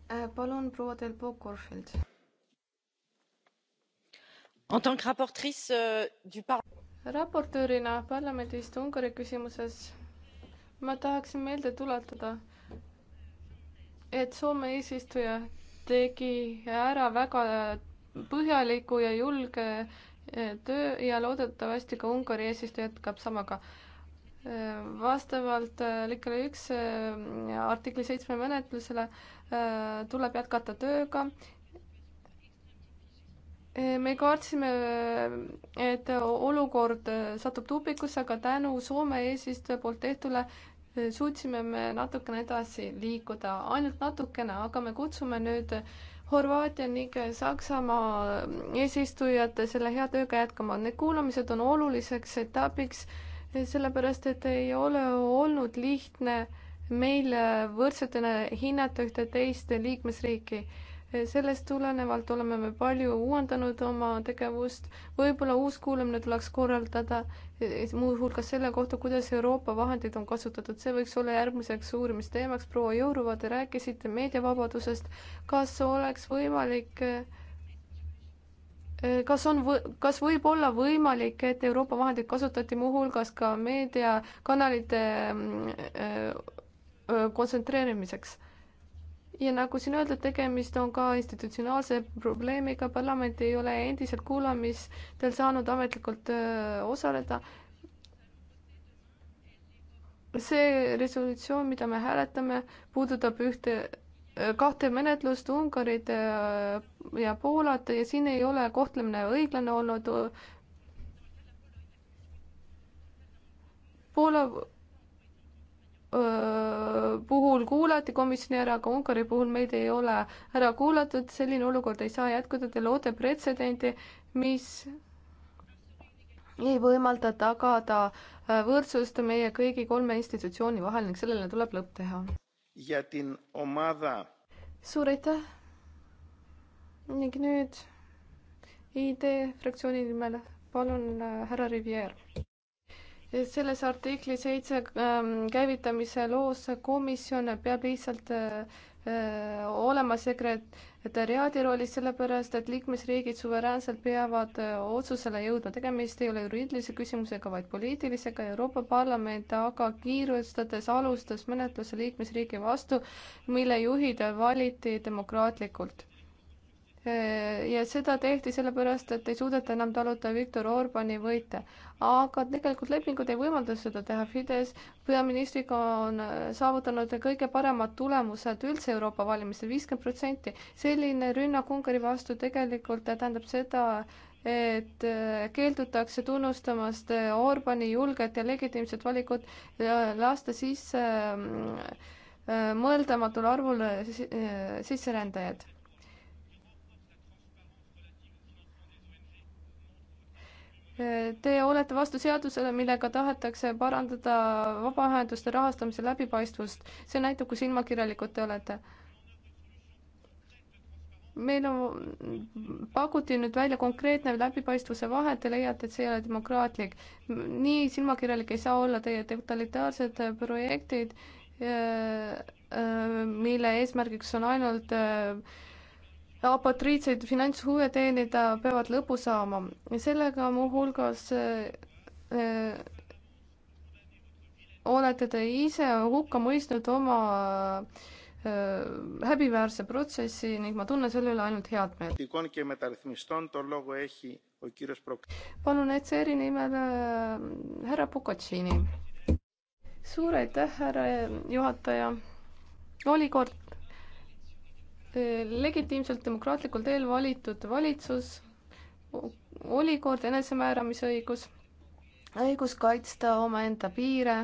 äh, palun proua Delbo Korfild. Euh, raportöörina parlamendist Ungari küsimuses ma tahaksin meelde tuletada et Soome eesistuja tegi ära väga põhjaliku ja julge e, töö ja loodetavasti ka Ungari eesistuja jätkab samaga. E, vastavalt e, lõikele üks artikli seitsme menetlusele tuleb jätkata tööga. me kartsime, et olukord satub tupikusse, aga tänu Soome eesistuja poolt tehtule suutsime me natukene edasi liikuda, ainult natukene, aga me kutsume nüüd Horvaatia ning Saksamaa eesistujad selle hea tööga jätkama. Need kuulamised on oluliseks etapiks, sellepärast et ei ole olnud lihtne meil võrdsetena hinnata ühte teist liikmesriiki sellest tulenevalt oleme me palju uuendanud oma tegevust, võib-olla uus kuulamine tuleks korraldada, eh, eh, muuhulgas selle kohta, kuidas Euroopa vahendeid on kasutatud, see võiks olla järgmiseks uurimisteemaks, proua Jourova, te rääkisite meediavabadusest, kas oleks võimalik eh, kas on, kas võib olla võimalik, et Euroopa vahendeid kasutati muuhulgas ka meediakanalite mm, kontsentreerimiseks? ja nagu siin öeldud, tegemist on ka institutsionaalse probleemiga, parlament ei ole endiselt kuulamistel saanud ametlikult äh, osaleda. see resolutsioon, mida me hääletame, puudutab ühte, äh, kahte menetlust, Ungarit äh, ja Poolat ja siin ei ole kohtlemine õiglane olnud. Poola puhul kuulati komisjoni ära, aga Ungari puhul meid ei ole ära kuulatud, selline olukord ei saa jätkuda, te loote pretsedendi, mis ei võimalda tagada võrdsust meie kõigi kolme institutsiooni vahel ning sellele tuleb lõpp teha. suur aitäh! ning nüüd ID fraktsiooni nimel palun härra Rivier selles artikli seitse ähm, käivitamise loos komisjon peab lihtsalt äh, äh, olema sekretäriaadi rollis, sellepärast et liikmesriigid suveräänselt peavad äh, otsusele jõudma. tegemist ei ole juriidilise küsimusega, vaid poliitilisega. Euroopa Parlament aga kiirustades alustas menetluse liikmesriigi vastu, mille juhid valiti demokraatlikult. Äh, ja seda tehti sellepärast, et ei suudeta enam taluda Viktor Orbani võite. aga tegelikult lepingud ei võimalda seda teha, Fidesz peaministriga on äh, saavutanud kõige paremad tulemused üldse Euroopa valimistel, viiskümmend protsenti. selline rünnak Ungari vastu tegelikult tähendab seda, et äh, keeldutakse tunnustamast Orbani julget ja legitiimset valikut lasta sisse mm, mõeldamatule arvule sisserändajaid Te olete vastu seadusele, millega tahetakse parandada vabaühenduste rahastamise läbipaistvust. see näitab, kui silmakirjalikud te olete. meil on, pakuti nüüd välja konkreetne läbipaistvuse vahe, te leiate, et see ei ole demokraatlik. nii silmakirjalik ei saa olla teie totalitaarsed projektid, eh, eh, mille eesmärgiks on ainult äh, apatriidseid finantshuve teenida, peavad lõpu saama. sellega muuhulgas eh, eh, olete te ise hukka mõistnud oma eh, häbiväärse protsessi ning ma tunnen selle üle ainult head meelt. palun ECR-i nimel härra Pukatsini. suur aitäh, härra juhataja. oli kord legitiimselt demokraatlikul teel valitud valitsus, oli kord enesemääramisõigus, õigus kaitsta omaenda piire,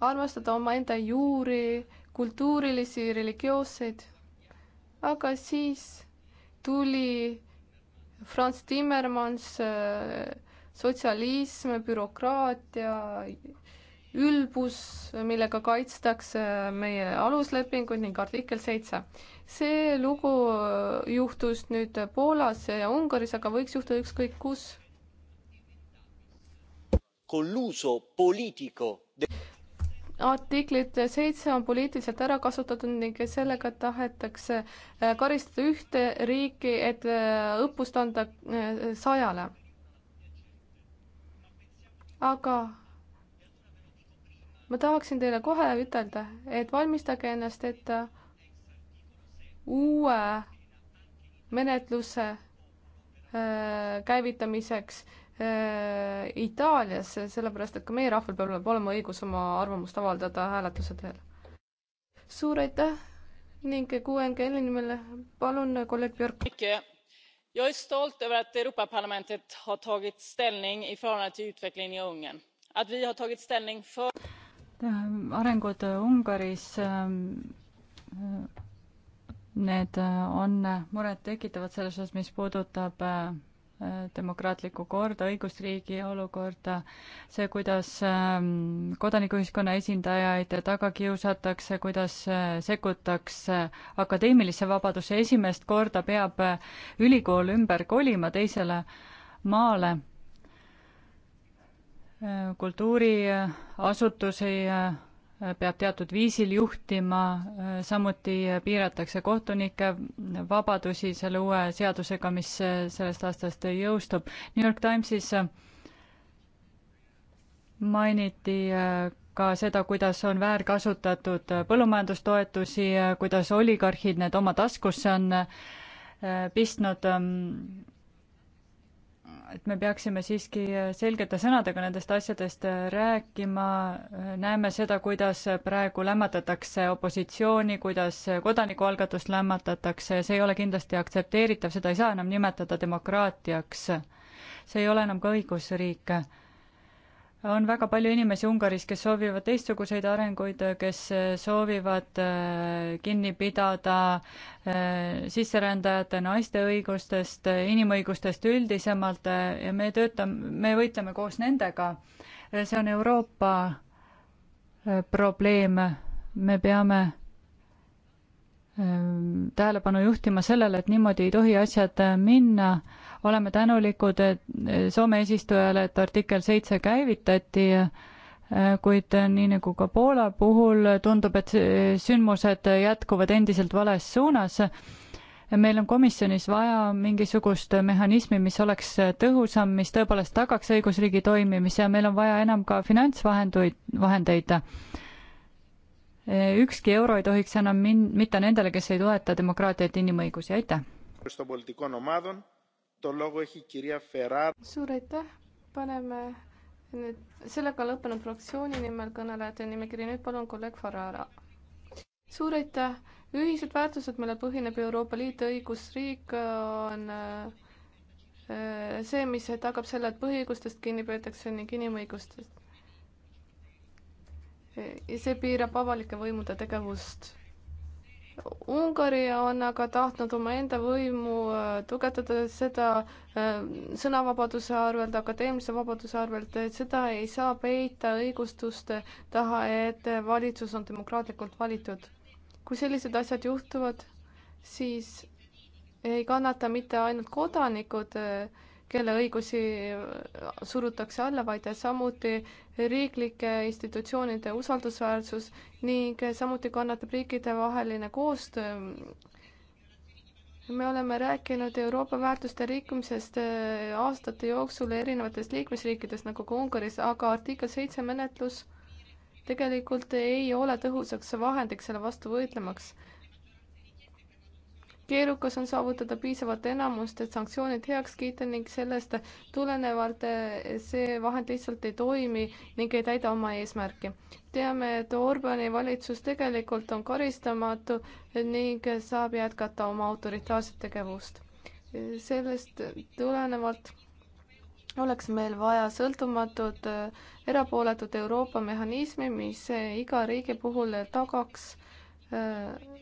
armastada omaenda juuri, kultuurilisi, religioosseid. aga siis tuli Franz Timmermans, äh, sotsialism, bürokraatia, ülbus, millega kaitstakse meie aluslepinguid ning artikkel seitse. see lugu juhtus nüüd Poolas ja Ungaris, aga võiks juhtuda ükskõik kus. artiklit seitse on poliitiliselt ära kasutatud ning sellega tahetakse äh, karistada ühte riiki, et äh, õppust anda äh, sajale. aga ma tahaksin teile kohe ütelda, et valmistage ennast ette uue menetluse äh, käivitamiseks äh, Itaalias, sellepärast et ka meie rahval peab olema õigus oma arvamust avaldada hääletuse teel. suur aitäh ning QNGL-i nimel palun kolleeg Björk. Jag är stolt över att Europaparlamentet har tagit ställning i förhållande till utvecklingen i Ungern. Att vi har tagit ställning för Äh, arengud äh, Ungaris, ähm, äh, need on murettekitavad selles osas, mis puudutab demokraatlikku korda, õigusriigi olukorda, see, kuidas ähm, kodanikuühiskonna esindajaid taga kiusatakse, kuidas sekkutakse akadeemilisse vabadusse, esimest korda peab ülikool ümber kolima teisele maale kultuuriasutusi peab teatud viisil juhtima, samuti piiratakse kohtunike vabadusi selle uue seadusega, mis sellest aastast jõustub. New York Timesis mainiti ka seda, kuidas on väärkasutatud põllumajandustoetusi, kuidas oligarhid need oma taskusse on pistnud et me peaksime siiski selgete sõnadega nendest asjadest rääkima, näeme seda, kuidas praegu lämmatatakse opositsiooni, kuidas kodanikualgatust lämmatatakse, see ei ole kindlasti aktsepteeritav, seda ei saa enam nimetada demokraatiaks. see ei ole enam ka õigusriik on väga palju inimesi Ungaris, kes soovivad teistsuguseid arenguid, kes äh, soovivad äh, kinni pidada äh, sisserändajate naiste õigustest, inimõigustest üldisemalt ja me töötame, me võitleme koos nendega. see on Euroopa probleem, me peame tähelepanu juhtima sellele, et niimoodi ei tohi asjad minna oleme tänulikud eh, Soome eesistujale, et artikkel seitse käivitati, eh, kuid nii nagu ka Poola puhul, tundub, et eh, sündmused jätkuvad endiselt vales suunas. meil on komisjonis vaja mingisugust mehhanismi, mis oleks tõhusam, mis tõepoolest tagaks õigusriigi toimimise ja meil on vaja enam ka finantsvahenduid, vahendeid ükski euro ei tohiks enam min-, mitte nendele, kes ei toeta demokraatiat, inimõigusi, aitäh! suur aitäh, paneme nüüd, sellega on lõppenud fraktsiooni nimel kõnelejate nimekiri, nüüd palun kolleeg Farara. suur aitäh, ühised väärtused, millel põhineb Euroopa Liit, õigusriik on äh, see, mis tagab selle, et põhiõigustest kinni peetakse ning inimõigustest ja see piirab avalike võimude tegevust. Ungari on aga tahtnud omaenda võimu äh, tugevdada seda äh, sõnavabaduse arvelt, akadeemilise vabaduse arvelt, et seda ei saa peita õigustuste taha, et valitsus on demokraatlikult valitud. kui sellised asjad juhtuvad, siis ei kannata mitte ainult kodanikud, äh, kelle õigusi äh, surutakse alla, vaid samuti riiklike institutsioonide usaldusväärsus ning samuti kannatab riikidevaheline koostöö. me oleme rääkinud Euroopa väärtuste rikkumisest äh, aastate jooksul erinevates liikmesriikides nagu ka Ungaris, aga artikkel seitse menetlus tegelikult ei ole tõhusaks vahendiks selle vastu võitlemaks keerukas on saavutada piisavat enamust, et sanktsioonid heaks kiita ning sellest tulenevalt eh, see vahend lihtsalt ei toimi ning ei täida oma eesmärki. teame, et Orbani valitsus tegelikult on karistamatu ning saab jätkata oma autoritaarset tegevust. sellest tulenevalt oleks meil vaja sõltumatut eh, erapooletut Euroopa mehhanismi, mis iga riigi puhul tagaks äh,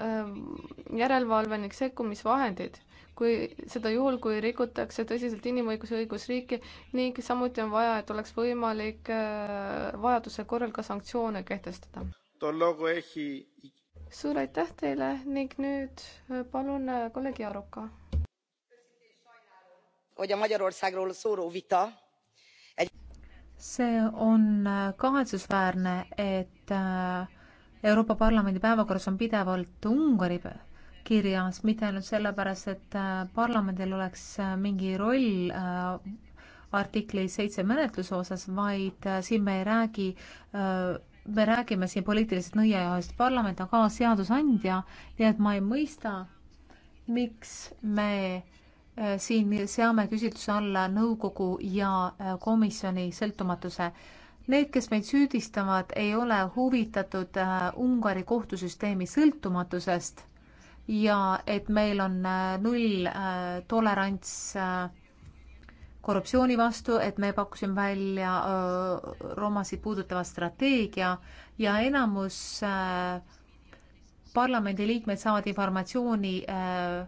Ähm, järelevalve ning sekkumisvahendid, kui seda juhul, kui rikutakse tõsiselt inimõiguse õigusriiki ning samuti on vaja, et oleks võimalik äh, vajaduse korral ka sanktsioone kehtestada. suur aitäh teile ning nüüd äh, palun äh, kolleeg Jaruka. see on kahetsusväärne, et äh, Euroopa Parlamendi päevakorras on pidevalt Ungari kirjas, mitte ainult sellepärast, et äh, parlamendil oleks äh, mingi roll äh, artikli seitse menetluse osas, vaid siin me ei räägi me räägime siin poliitilisest nõiajaest, parlament on ka seadusandja, nii et ma ei mõista, miks me siin seame küsitluse alla nõukogu ja komisjoni sõltumatuse äh, Need, kes meid süüdistavad, ei ole huvitatud äh, Ungari kohtusüsteemi sõltumatusest ja et meil on äh, null äh, tolerants korruptsiooni vastu, et me pakkusime välja romasid puudutava strateegia ja enamus parlamendiliikmed saavad informatsiooni öö,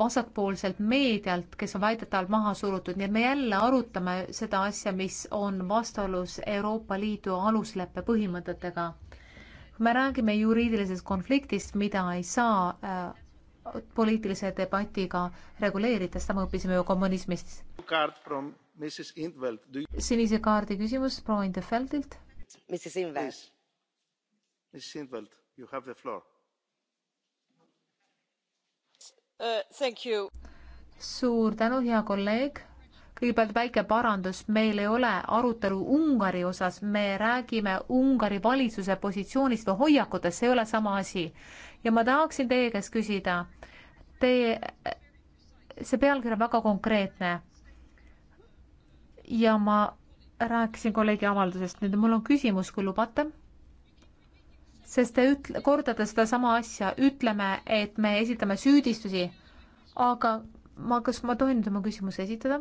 vasakpoolselt meedialt, kes on väidetavalt maha surutud, nii et me jälle arutame seda asja, mis on vastuolus Euroopa Liidu alusleppe põhimõtetega. me räägime juriidilisest konfliktist, mida ei saa äh, poliitilise debatiga reguleerida, seda me õppisime ju kommunismist. sinise kaardi küsimus proua Indefeldilt. Mrs Invelt. Mrs Invelt, you have the floor Uh, suur tänu, hea kolleeg. kõigepealt väike parandus, meil ei ole arutelu Ungari osas, me räägime Ungari valitsuse positsioonist või hoiakutest, see ei ole sama asi. ja ma tahaksin teie käest küsida, teie, see pealkiri on väga konkreetne. ja ma rääkisin kolleegi avaldusest, nüüd mul on küsimus, kui lubate sest te üt-, kordate sedasama asja, ütleme, et me esitame süüdistusi, aga ma, kas ma tohin nüüd oma küsimuse esitada?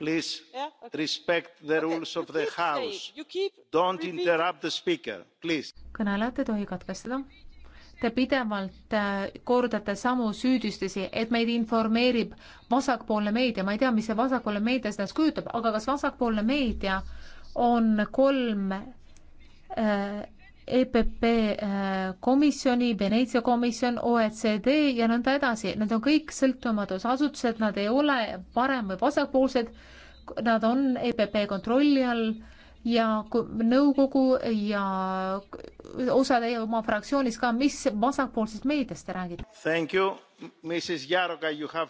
Please yeah, okay. respect the okay. rules of the house. Don't interrupt the speaker, please. kõnelejat ei tohi katkestada Te pidevalt äh, kordate samu süüdistusi, et meid informeerib vasakpoolne meedia, ma ei tea, mis see vasakpoolne meedia sellest kujutab, aga kas vasakpoolne meedia on kolm äh, EPP äh, komisjoni, Veneetsia komisjon, OECD ja nõnda edasi, need on kõik sõltumatusasutused, nad ei ole parem- või vasakpoolsed, nad on EPP kontrolli all ja nõukogu ja osa teie oma fraktsioonis ka, mis vasakpoolsest meediast te räägite? Thank you, Mrs Jaroka, you have.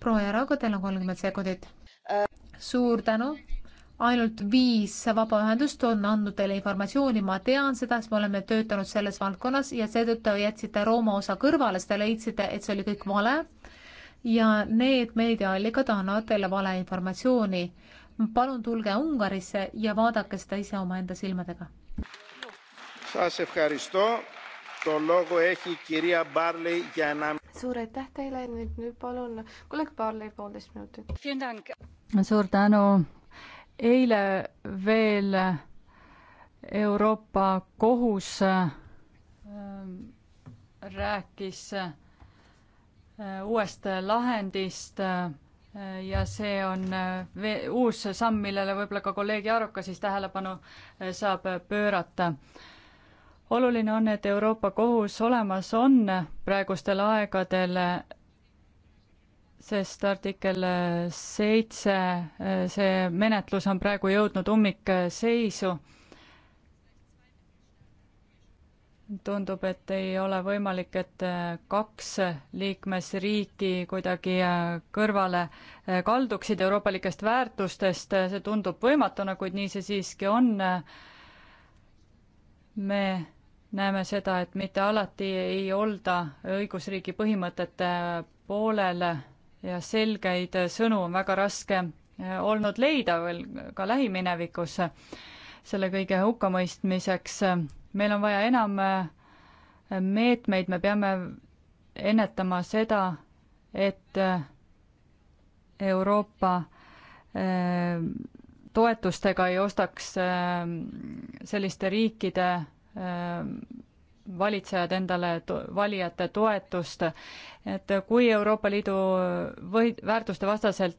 proua Jaroka, teil on kolmkümmend sekundit uh.... suur tänu. ainult viis vabaühendust on andnud teile informatsiooni, ma tean seda, sest me oleme töötanud selles valdkonnas ja seetõttu jätsite Rooma osa kõrvale, sest te leidsite, et see oli kõik vale. ja need meediaallikad annavad teile valeinformatsiooni palun tulge Ungarisse ja vaadake seda ise omaenda silmadega. suur aitäh teile, nüüd palun kolleeg Barley poolteist minutit. suur tänu. eile veel Euroopa Kohus ähm, rääkis äh, uuest lahendist äh, ja see on äh, uus samm, millele võib-olla ka kolleeg Jaaruka siis tähelepanu äh, saab äh, pöörata. oluline on, et Euroopa Kohus olemas on praegustel aegadel, sest artikkel seitse, see menetlus on praegu jõudnud ummikseisu tundub, et ei ole võimalik, et äh, kaks liikmesriiki kuidagi äh, kõrvale äh, kalduksid euroopalikest väärtustest, see tundub võimatuna, kuid nii see siiski on. me näeme seda, et mitte alati ei olda õigusriigi põhimõtete poolel ja selgeid sõnu on väga raske olnud leida veel ka lähiminevikus selle kõige hukkamõistmiseks meil on vaja enam äh, meetmeid, me peame ennetama seda, et äh, Euroopa äh, toetustega ei ostaks selliste riikide valitsejad endale to valijate toetust. et kui Euroopa Liidu või väärtuste vastaselt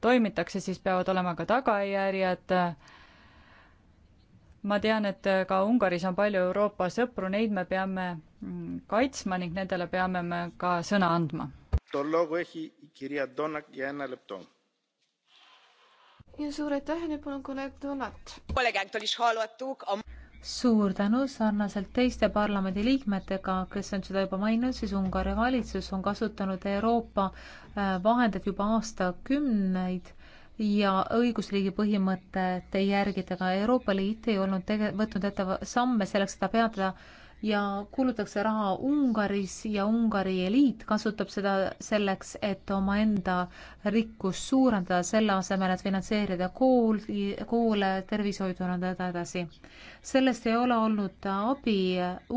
toimitakse, siis peavad olema ka tagajärjed äh, ma tean, et äh, ka Ungaris on palju Euroopa sõpru, neid me peame mm, kaitsma ning nendele peame me ka sõna andma. ja suur aitäh, nüüd palun kolleeg Donat. suur tänu, sarnaselt teiste parlamendiliikmetega, kes on seda juba maininud, siis Ungari valitsus on kasutanud Euroopa äh, vahendeid juba aastakümneid ja õigusriigi põhimõtet ei järgida, aga Euroopa Liit ei olnud tege-, võtnud ette samme selleks seda peatada ja kulutatakse raha Ungaris ja Ungari eliit kasutab seda selleks, et omaenda rikkust suurendada, selle asemel, et finantseerida kooli, koole, tervishoidu ja nõnda edasi. sellest ei ole olnud abi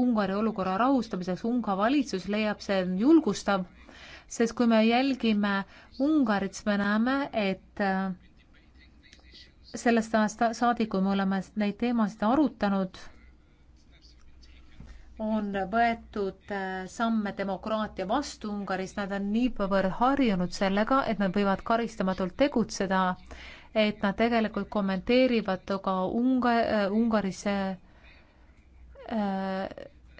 Ungari olukorra rahustamiseks, Unga valitsus leiab, see on julgustav sest kui me jälgime Ungarit, siis me näeme, et äh, sellest aasta saadik, kui me oleme neid teemasid arutanud, on võetud äh, samme demokraatia vastu Ungaris, nad on niivõrd harjunud sellega, et nad võivad karistamatult tegutseda, et nad tegelikult kommenteerivad ka Unga-, äh, Ungaris äh,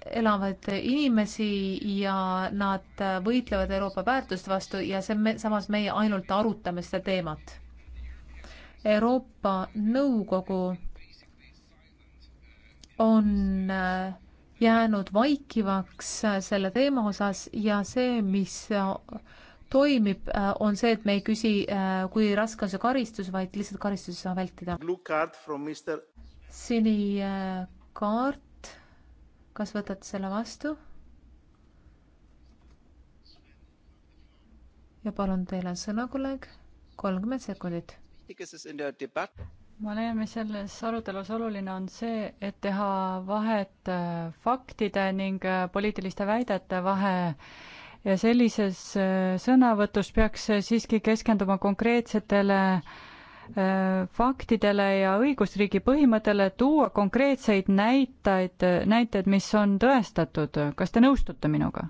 elavad inimesi ja nad võitlevad Euroopa väärtuste vastu ja see me, samas meie ainult arutame seda teemat. Euroopa Nõukogu on äh, jäänud vaikivaks äh, selle teema osas ja see, mis äh, toimib, on see, et me ei küsi, kui raske on see karistus, vaid lihtsalt karistusi saab vältida. sinikaart kas võtate selle vastu? ja palun, teil on sõna, kolleeg, kolmkümmend sekundit. ma leian, mis selles arutelus oluline on see, et teha vahet äh, faktide ning äh, poliitiliste väidete vahe ja sellises äh, sõnavõtus peaks siiski keskenduma konkreetsetele äh, Äh, faktidele ja õigusriigi põhimõttele, tuua konkreetseid näitajaid, näiteid, mis on tõestatud. kas te nõustute minuga?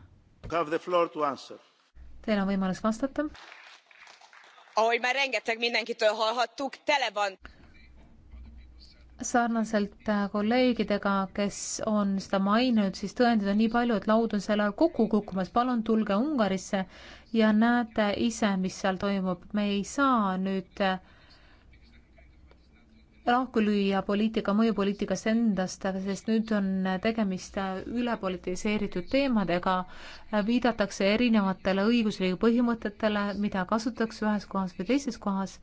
Teil on võimalus vastata. sarnaselt äh, kolleegidega, kes on seda maininud, siis tõendeid on nii palju, et laud on sel ajal kokku kukkumas. palun tulge Ungarisse ja näete ise, mis seal toimub. me ei saa nüüd äh, lahku lüüa poliitika mõjupoliitikast endast, sest nüüd on tegemist ülepolitiseeritud teemadega, viidatakse erinevatele õigusriigi põhimõtetele, mida kasutatakse ühes kohas või teises kohas,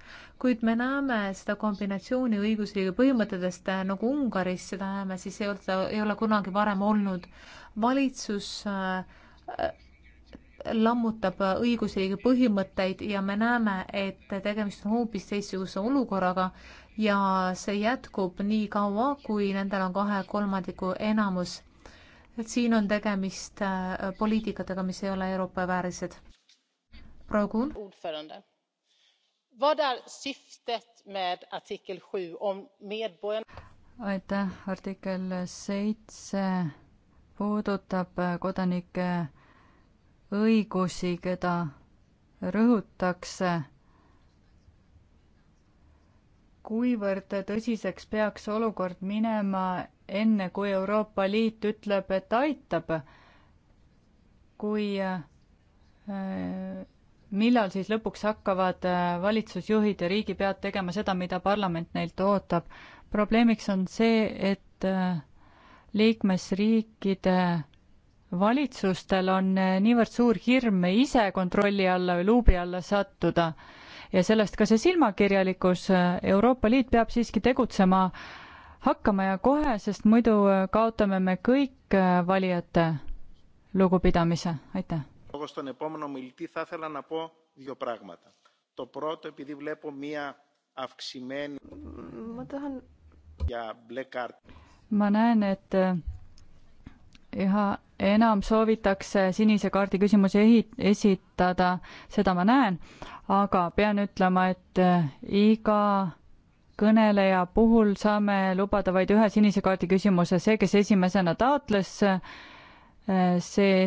kuid me näeme seda kombinatsiooni õigusriigi põhimõtetest nagu Ungaris, seda näeme siis ei ole, ei ole kunagi varem olnud. valitsus äh, lammutab õigusriigi põhimõtteid ja me näeme, et tegemist on hoopis teistsuguse olukorraga ja see jätkub nii kaua, kui nendel on kahe kolmandiku enamus. et siin on tegemist äh, poliitikatega, mis ei ole Euroopa väärised. proua Kuhn. aitäh, artikkel seitse puudutab äh, kodanike õigusi, keda rõhutakse kuivõrd tõsiseks peaks olukord minema, enne kui Euroopa Liit ütleb, et aitab, kui äh, millal siis lõpuks hakkavad äh, valitsusjuhid ja riigipead tegema seda, mida parlament neilt ootab. probleemiks on see, et äh, liikmesriikide valitsustel on niivõrd suur hirm ise kontrolli alla või luubi alla sattuda ja sellest ka see silmakirjalikkus, Euroopa Liit peab siiski tegutsema hakkama ja kohe, sest muidu äh, kaotame me kõik äh, valijate lugupidamise, aitäh. ma tahan. ma näen, et üha enam soovitakse sinise kaardi küsimusi ehi-, esitada, seda ma näen, aga pean ütlema, et äh, iga kõneleja puhul saame lubada vaid ühe sinise kaardi küsimuse, see, kes esimesena taotles, äh, see